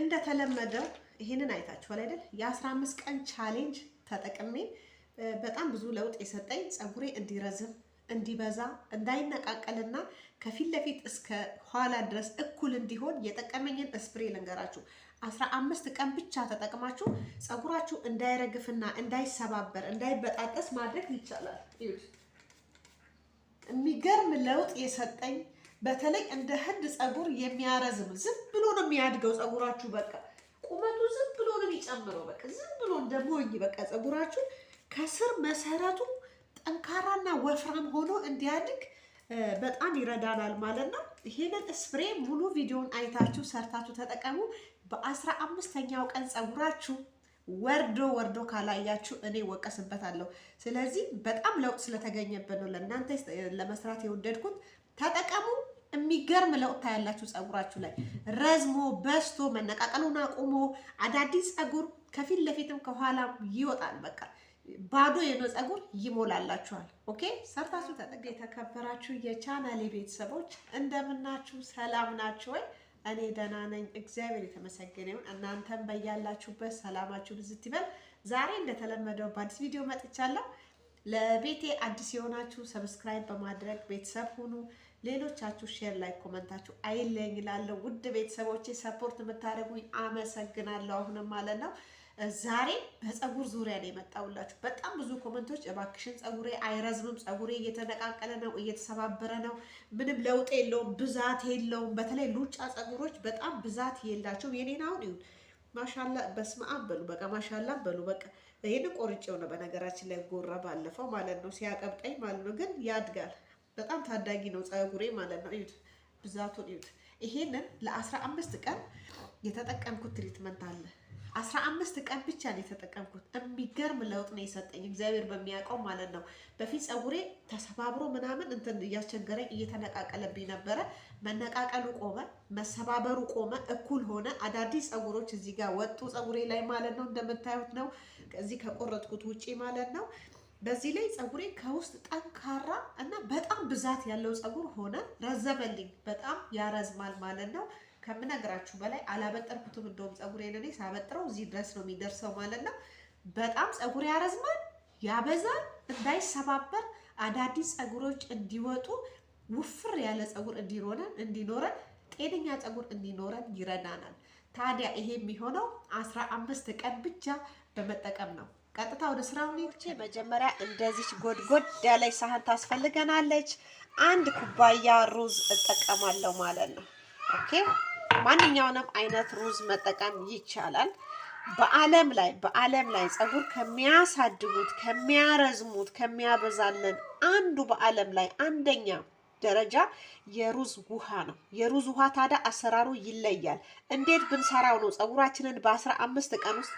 እንደተለመደው ይህንን አይታችኋል አይደል? የ15 ቀን ቻሌንጅ ተጠቅሜ በጣም ብዙ ለውጥ የሰጠኝ ፀጉሬ እንዲረዝም እንዲበዛ እንዳይነቃቀልና ከፊት ለፊት እስከ ኋላ ድረስ እኩል እንዲሆን የጠቀመኝን ስፕሬ ልንገራችሁ። አስራ አምስት ቀን ብቻ ተጠቅማችሁ ፀጉራችሁ እንዳይረግፍና እንዳይሰባበር እንዳይበጣጠስ ማድረግ ይቻላል። የሚገርም ለውጥ የሰጠኝ በተለይ እንደ ህንድ ፀጉር የሚያረዝም ዝም ብሎ ነው የሚያድገው ፀጉራችሁ። በቃ ቁመቱ ዝም ብሎ ነው የሚጨምረው። በቃ ዝም ብሎ እንደ ሞኝ በቃ ፀጉራችሁ ከስር መሰረቱ ጠንካራና ወፍራም ሆኖ እንዲያድግ በጣም ይረዳናል ማለት ነው። ይሄንን ስፕሬ ሙሉ ቪዲዮን አይታችሁ ሰርታችሁ ተጠቀሙ። በአስራ አምስተኛው ቀን ፀጉራችሁ ወርዶ ወርዶ ካላያችሁ እኔ ወቀስበታለሁ። ስለዚህ በጣም ለውጥ ስለተገኘበት ነው ለእናንተ ለመስራት የወደድኩት። ተጠቀሙ። የሚገርም ለውጥ ታያላችሁ። ፀጉራችሁ ላይ ረዝሞ በስቶ መነቃቀሉን አቁሞ አዳዲስ ፀጉር ከፊት ለፊትም ከኋላም ይወጣል። በቃ ባዶ የሆነ ፀጉር ይሞላላችኋል። ኦኬ ሰርታችሁ ተጠቅ የተከበራችሁ የቻናሌ ቤተሰቦች እንደምናችሁ፣ ሰላም ናችሁ ወይ? እኔ ደህና ነኝ፣ እግዚአብሔር የተመሰገነ ይሁን። እናንተም በያላችሁበት ሰላማችሁ ብዝት ይበል። ዛሬ እንደተለመደው በአዲስ ቪዲዮ መጥቻለሁ። ለቤቴ አዲስ የሆናችሁ ሰብስክራይብ በማድረግ ቤተሰብ ሁኑ። ሌሎቻችሁ ሼር ላይ ኮመንታችሁ አይለኝ ላለው ውድ ቤተሰቦቼ ሰፖርት የምታደርጉኝ አመሰግናለሁ። አሁንም ማለት ነው ዛሬ በፀጉር ዙሪያ ነው የመጣሁላችሁ። በጣም ብዙ ኮመንቶች እባክሽን ፀጉሬ አይረዝምም፣ ፀጉሬ እየተነቃቀለ ነው፣ እየተሰባበረ ነው፣ ምንም ለውጥ የለውም፣ ብዛት የለውም። በተለይ ሉጫ ፀጉሮች በጣም ብዛት የላቸውም። የኔን አሁን ይሁን ማሻላ በስመ አብ በሉ፣ በቃ ማሻላ በሉ። በቃ ይህን ቆርጬው ነው በነገራችን ላይ ጎራ ባለፈው ማለት ነው ሲያቀብጠኝ ማለት ነው፣ ግን ያድጋል በጣም ታዳጊ ነው ፀጉሬ ማለት ነው። እዩት፣ ብዛቱን እዩት። ይሄንን ለ15 ቀን የተጠቀምኩት ትሪትመንት አለ። 15 ቀን ብቻ ነው የተጠቀምኩት። የሚገርም ለውጥ ነው የሰጠኝ እግዚአብሔር በሚያውቀው ማለት ነው። በፊት ፀጉሬ ተሰባብሮ ምናምን እንትን እያስቸገረኝ እየተነቃቀለብኝ ነበረ። መነቃቀሉ ቆመ፣ መሰባበሩ ቆመ፣ እኩል ሆነ። አዳዲስ ፀጉሮች እዚህ ጋር ወጡ ፀጉሬ ላይ ማለት ነው። እንደምታዩት ነው፣ ከዚህ ከቆረጥኩት ውጪ ማለት ነው። በዚህ ላይ ፀጉሬ ከውስጥ ጠንካራ እና በጣም ብዛት ያለው ፀጉር ሆነ ረዘመልኝ። በጣም ያረዝማል ማለት ነው። ከምነግራችሁ በላይ አላበጠርኩትም። እንደውም ፀጉሬን እኔ ሳበጥረው እዚህ ድረስ ነው የሚደርሰው ማለት ነው። በጣም ፀጉር ያረዝማል፣ ያበዛል። እንዳይሰባበር አዳዲስ ፀጉሮች እንዲወጡ ውፍር ያለ ፀጉር እንዲኖረን እንዲኖረን ጤነኛ ፀጉር እንዲኖረን ይረዳናል። ታዲያ ይሄ የሚሆነው አስራ አምስት ቀን ብቻ በመጠቀም ነው። ቀጥታ ወደ ስራው ሊቼ መጀመሪያ እንደዚች ጎድጎድ ያለች ሳህን ታስፈልገናለች። አንድ ኩባያ ሩዝ እጠቀማለሁ ማለት ነው። ኦኬ ማንኛውንም አይነት ሩዝ መጠቀም ይቻላል። በዓለም ላይ በዓለም ላይ ጸጉር ከሚያሳድጉት ከሚያረዝሙት ከሚያበዛልን አንዱ በዓለም ላይ አንደኛ ደረጃ የሩዝ ውሃ ነው። የሩዝ ውሃ ታዲያ አሰራሩ ይለያል። እንዴት ብንሰራው ነው ጸጉራችንን በአስራ አምስት ቀን ውስጥ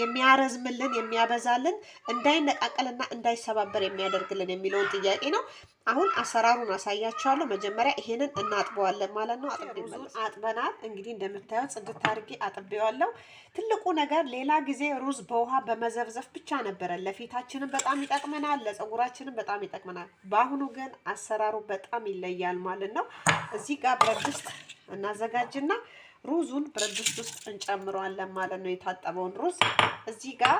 የሚያረዝምልን የሚያበዛልን እንዳይነቃቀልና እንዳይሰባበር የሚያደርግልን የሚለውን ጥያቄ ነው። አሁን አሰራሩን አሳያቸዋለሁ። መጀመሪያ ይሄንን እናጥበዋለን ማለት ነው። አጥበናል። እንግዲህ እንደምታዩት ጽድት አድርጌ አጥቤዋለሁ። ትልቁ ነገር ሌላ ጊዜ ሩዝ በውሃ በመዘፍዘፍ ብቻ ነበረ። ለፊታችንም በጣም ይጠቅመናል፣ ለፀጉራችንም በጣም ይጠቅመናል። በአሁኑ ግን አሰራሩ በጣም ይለያል ማለት ነው። እዚህ ጋር ብረት ድስት እናዘጋጅና ሩዙን ብረት ውስጥ እንጨምረዋለን ማለት ነው። የታጠበውን ሩዝ እዚህ ጋር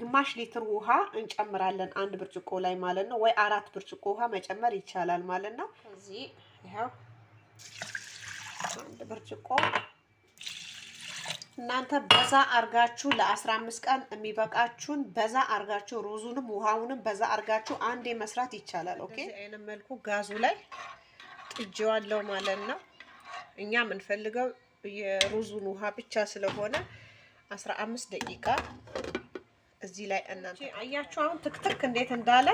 ግማሽ ሊትር ውሃ እንጨምራለን አንድ ብርጭቆ ላይ ማለት ነው። ወይ አራት ብርጭቆ ውሃ መጨመር ይቻላል ማለት ነው። እዚህ ይኸው አንድ ብርጭቆ እናንተ በዛ አርጋችሁ ለ15 ቀን የሚበቃችሁን በዛ አርጋችሁ ሩዙንም ውሃውንም በዛ አርጋችሁ አንዴ መስራት ይቻላል። ኦኬ፣ አይነት መልኩ ጋዙ ላይ ጥጄዋለሁ ማለት ነው። እኛ የምንፈልገው የሩዙን ውሃ ብቻ ስለሆነ አስራ አምስት ደቂቃ እዚህ ላይ እናንተ አያችሁ አሁን ትክትክ እንዴት እንዳለ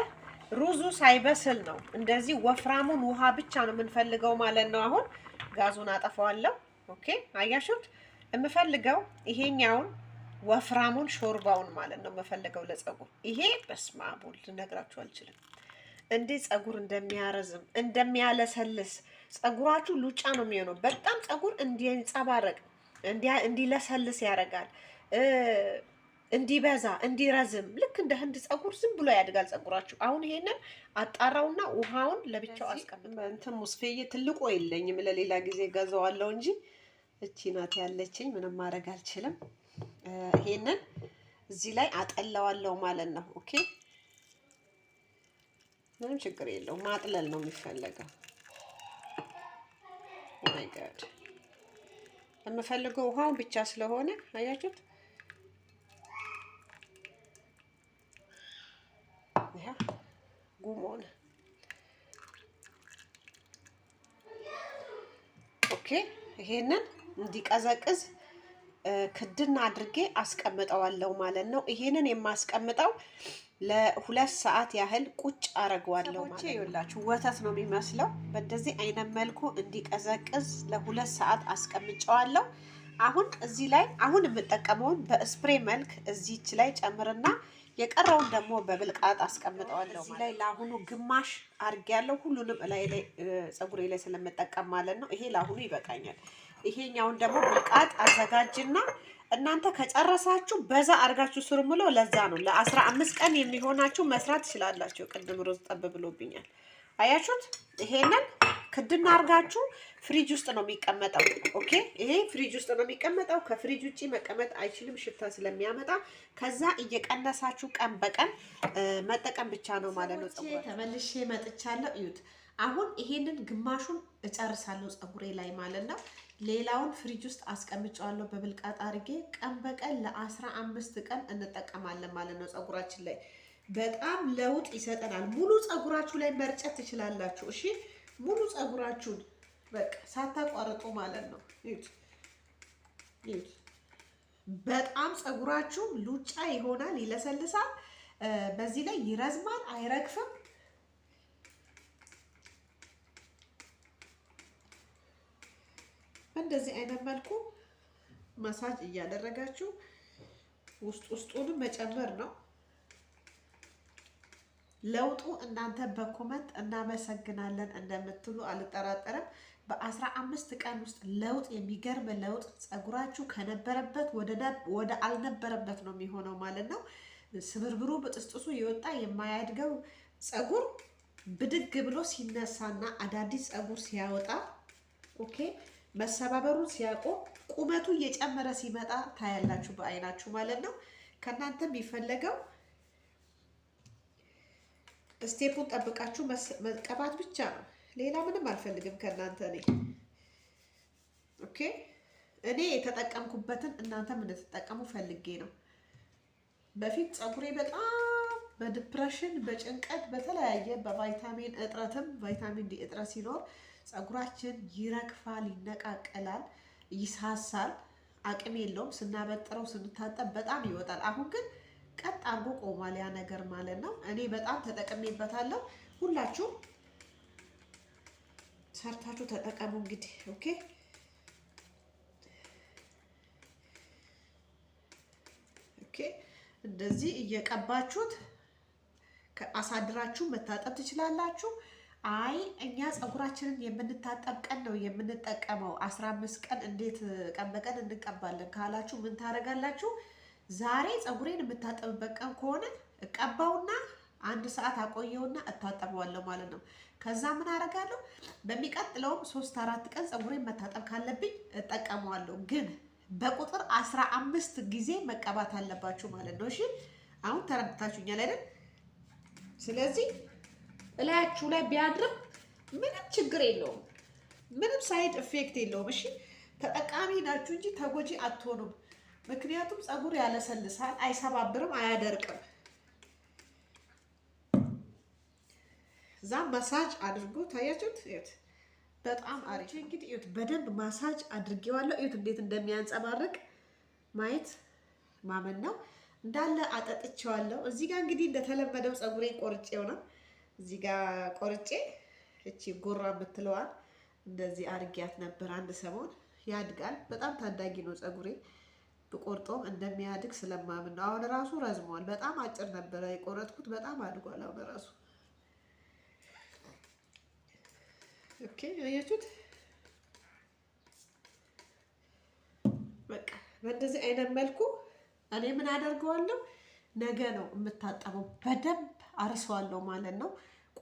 ሩዙ ሳይበስል ነው። እንደዚህ ወፍራሙን ውሃ ብቻ ነው የምንፈልገው ማለት ነው። አሁን ጋዙን አጠፋዋለሁ። ኦኬ አያችሁት? የምፈልገው ይሄኛውን ወፍራሙን ሾርባውን ማለት ነው የምፈልገው ለጸጉር። ይሄ በስማ ቦል ልነግራችሁ አልችልም። እንዴት ፀጉር እንደሚያረዝም እንደሚያለሰልስ ፀጉራችሁ ሉጫ ነው የሚሆነው። በጣም ፀጉር እንዲንጸባረቅ እንዲለሰልስ ያደርጋል። እንዲበዛ እንዲረዝም፣ ልክ እንደ ህንድ ፀጉር ዝም ብሎ ያድጋል ፀጉራችሁ። አሁን ይሄንን አጣራውና ውሃውን ለብቻው አስቀምጥ። እንትን ሙስፌዬ ትልቁ የለኝም ለሌላ ጊዜ ገዛዋለሁ እንጂ እቺ ናት ያለችኝ። ምንም ማድረግ አልችልም። ይሄንን እዚህ ላይ አጠለዋለሁ ማለት ነው። ኦኬ ምንም ችግር የለውም። ማጥለል ነው የሚፈለገው። ማይጋድ oh የምፈልገው ውሃውን ብቻ ስለሆነ አያችሁት። ያ ኦኬ ይሄንን እንዲቀዘቅዝ ክድና አድርጌ አስቀምጠዋለሁ ማለት ነው። ይሄንን የማስቀምጠው ለሁለት ሰዓት ያህል ቁጭ አረገዋለሁ ማለት ነው። ይኸውላችሁ ወተት ነው የሚመስለው። በእንደዚህ አይነት መልኩ እንዲቀዘቅዝ ለሁለት ሰዓት አስቀምጨዋለሁ። አሁን እዚህ ላይ አሁን የምጠቀመውን በስፕሬ መልክ እዚች ላይ ጨምርና የቀረውን ደግሞ በብልቃጥ አስቀምጠዋለሁ። እዚህ ላይ ለአሁኑ ግማሽ አድርጌያለሁ። ሁሉንም ላይ ላይ ፀጉሬ ላይ ስለምጠቀም ማለት ነው። ይሄ ለአሁኑ ይበቃኛል። ይሄኛውን ደግሞ ብቃት አዘጋጅና እናንተ ከጨረሳችሁ በዛ አድርጋችሁ ስሩ ምለው። ለዛ ነው ለአስራ አምስት ቀን የሚሆናችሁ መስራት ትችላላችሁ። ቅድም ሮዝ ጠብ ብሎብኛል። አያችሁት? ይሄንን ክድና አድርጋችሁ ፍሪጅ ውስጥ ነው የሚቀመጠው። ኦኬ፣ ይሄ ፍሪጅ ውስጥ ነው የሚቀመጠው። ከፍሪጅ ውጪ መቀመጥ አይችልም፣ ሽታ ስለሚያመጣ። ከዛ እየቀነሳችሁ ቀን በቀን መጠቀም ብቻ ነው ማለት ነው። ጸጉር ተመልሼ መጥቻለሁ። እዩት። አሁን ይሄንን ግማሹን እጨርሳለሁ ጸጉሬ ላይ ማለት ነው። ሌላውን ፍሪጅ ውስጥ አስቀምጨዋለሁ በብልቃጥ አድርጌ ቀን በቀን ለአስራ አምስት ቀን እንጠቀማለን ማለት ነው። ፀጉራችን ላይ በጣም ለውጥ ይሰጠናል። ሙሉ ፀጉራችሁ ላይ መርጨት ትችላላችሁ። እሺ ሙሉ ፀጉራችሁን በቃ ሳታቋርጡ ማለት ነው። በጣም ፀጉራችሁ ሉጫ ይሆናል፣ ይለሰልሳል። በዚህ ላይ ይረዝማል፣ አይረግፍም። በእንደዚህ አይነት መልኩ መሳጅ እያደረጋችሁ ውስጥ ውስጡንም መጨመር ነው። ለውጡ እናንተ በኮመንት እናመሰግናለን እንደምትሉ አልጠራጠርም። በአስራ አምስት ቀን ውስጥ ለውጥ የሚገርም ለውጥ ጸጉራችሁ ከነበረበት ወደ አልነበረበት ነው የሚሆነው ማለት ነው። ስብርብሩ ብጥስጥሱ የወጣ የማያድገው ጸጉር ብድግ ብሎ ሲነሳና አዳዲስ ጸጉር ሲያወጣ ኦኬ መሰባበሩን ሲያውቁ ቁመቱ እየጨመረ ሲመጣ ታያላችሁ በአይናችሁ ማለት ነው። ከእናንተ የሚፈለገው ስቴፑን ጠብቃችሁ መቀባት ብቻ ነው። ሌላ ምንም አልፈልግም ከእናንተ እኔ ኦኬ። እኔ የተጠቀምኩበትን እናንተም እንደተጠቀሙ ፈልጌ ነው። በፊት ፀጉሬ በጣም በዲፕሬሽን፣ በጭንቀት፣ በተለያየ በቫይታሚን እጥረትም ቫይታሚን ዲ እጥረት ሲኖር ጸጉራችን ይረግፋል፣ ይነቃቀላል፣ ይሳሳል፣ አቅም የለውም። ስናበጥረው ስንታጠብ በጣም ይወጣል። አሁን ግን ቀጥ አድርጎ ቆሟል ያ ነገር ማለት ነው። እኔ በጣም ተጠቅሜበታለሁ። ሁላችሁ ሰርታችሁ ተጠቀሙ። እንግዲህ ኦኬ ኦኬ፣ እንደዚህ እየቀባችሁት አሳድራችሁ መታጠብ ትችላላችሁ። አይ እኛ ፀጉራችንን የምንታጠብ ቀን ነው የምንጠቀመው። አስራ አምስት ቀን እንዴት ቀን በቀን እንቀባለን ካላችሁ ምን ታደርጋላችሁ? ዛሬ ፀጉሬን የምታጠብበት ቀን ከሆነ እቀባውና አንድ ሰዓት አቆየውና እታጠበዋለሁ ማለት ነው። ከዛ ምን አደርጋለሁ? በሚቀጥለውም ሶስት አራት ቀን ፀጉሬን መታጠብ ካለብኝ እጠቀመዋለሁ። ግን በቁጥር አስራ አምስት ጊዜ መቀባት አለባችሁ ማለት ነው። እሺ አሁን ተረድታችሁኛል አይደል? ስለዚህ እላያችሁ ላይ ቢያድርም ምንም ችግር የለውም። ምንም ሳይድ ኢፌክት የለውም። እሺ ተጠቃሚ ናችሁ እንጂ ተጎጂ አትሆኑም። ምክንያቱም ፀጉር ያለሰልሳል፣ አይሰባብርም፣ አያደርቅም። እዛም ማሳጅ አድርጉ። ታያችሁት። እዩት፣ በጣም አሪፍ እንግዲህ እዩት። በደንብ ማሳጅ አድርጌዋለሁ። እዩት እንዴት እንደሚያንጸባርቅ ማየት ማመን ነው። እንዳለ አጠጥቼዋለሁ። እዚህ ጋር እንግዲህ እንደተለመደው ፀጉሬን ቆርጬው ነው እዚህ ጋር ቆርጬ እቺ ጎራ የምትለዋል እንደዚህ አርጊያት ነበር አንድ ሰሞን። ያድጋል በጣም ታዳጊ ነው ፀጉሬ። ብቆርጦም እንደሚያድግ ስለማምን ነው። አሁን ራሱ ረዝሟል። በጣም አጭር ነበረ የቆረጥኩት፣ በጣም አድጓል አሁን ራሱ። ኦኬ አያችሁት? በቃ በእንደዚህ አይነት መልኩ እኔ ምን አደርገዋለሁ? ነገ ነው የምታጠበው በደንብ አርሰዋለሁ ማለት ነው።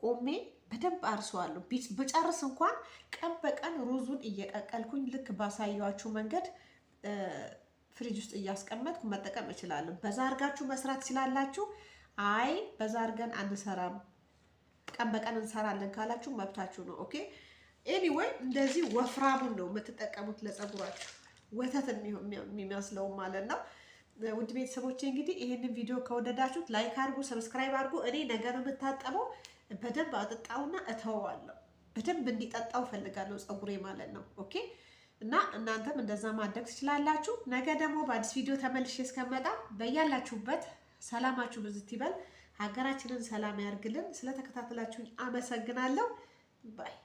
ቆሜ በደንብ አርሰዋለሁ። በጨርስ እንኳን ቀን በቀን ሩዙን እየቀቀልኩኝ ልክ ባሳያችሁ መንገድ ፍሪጅ ውስጥ እያስቀመጥኩ መጠቀም እችላለሁ። በዛ አርጋችሁ መስራት ስላላችሁ አይ በዛ አርገን አንሰራም ቀን በቀን እንሰራለን ካላችሁ መብታችሁ ነው። ኦኬ ኤኒዌይ እንደዚህ ወፍራሙን ነው የምትጠቀሙት ለፀጉራችሁ ወተት የሚመስለው ማለት ነው። ውድ ቤተሰቦቼ እንግዲህ ይህንን ቪዲዮ ከወደዳችሁት ላይክ አድርጉ፣ ሰብስክራይብ አድርጉ። እኔ ነገ ነው የምታጠበው። በደንብ አጥጣውና እተወዋለሁ። በደንብ እንዲጠጣው ፈልጋለሁ ፀጉሬ ማለት ነው። ኦኬ እና እናንተም እንደዛ ማድረግ ትችላላችሁ። ነገ ደግሞ በአዲስ ቪዲዮ ተመልሼ እስከመጣ በያላችሁበት ሰላማችሁ ብዝት ይበል። ሀገራችንን ሰላም ያርግልን። ስለተከታተላችሁኝ አመሰግናለሁ። ባይ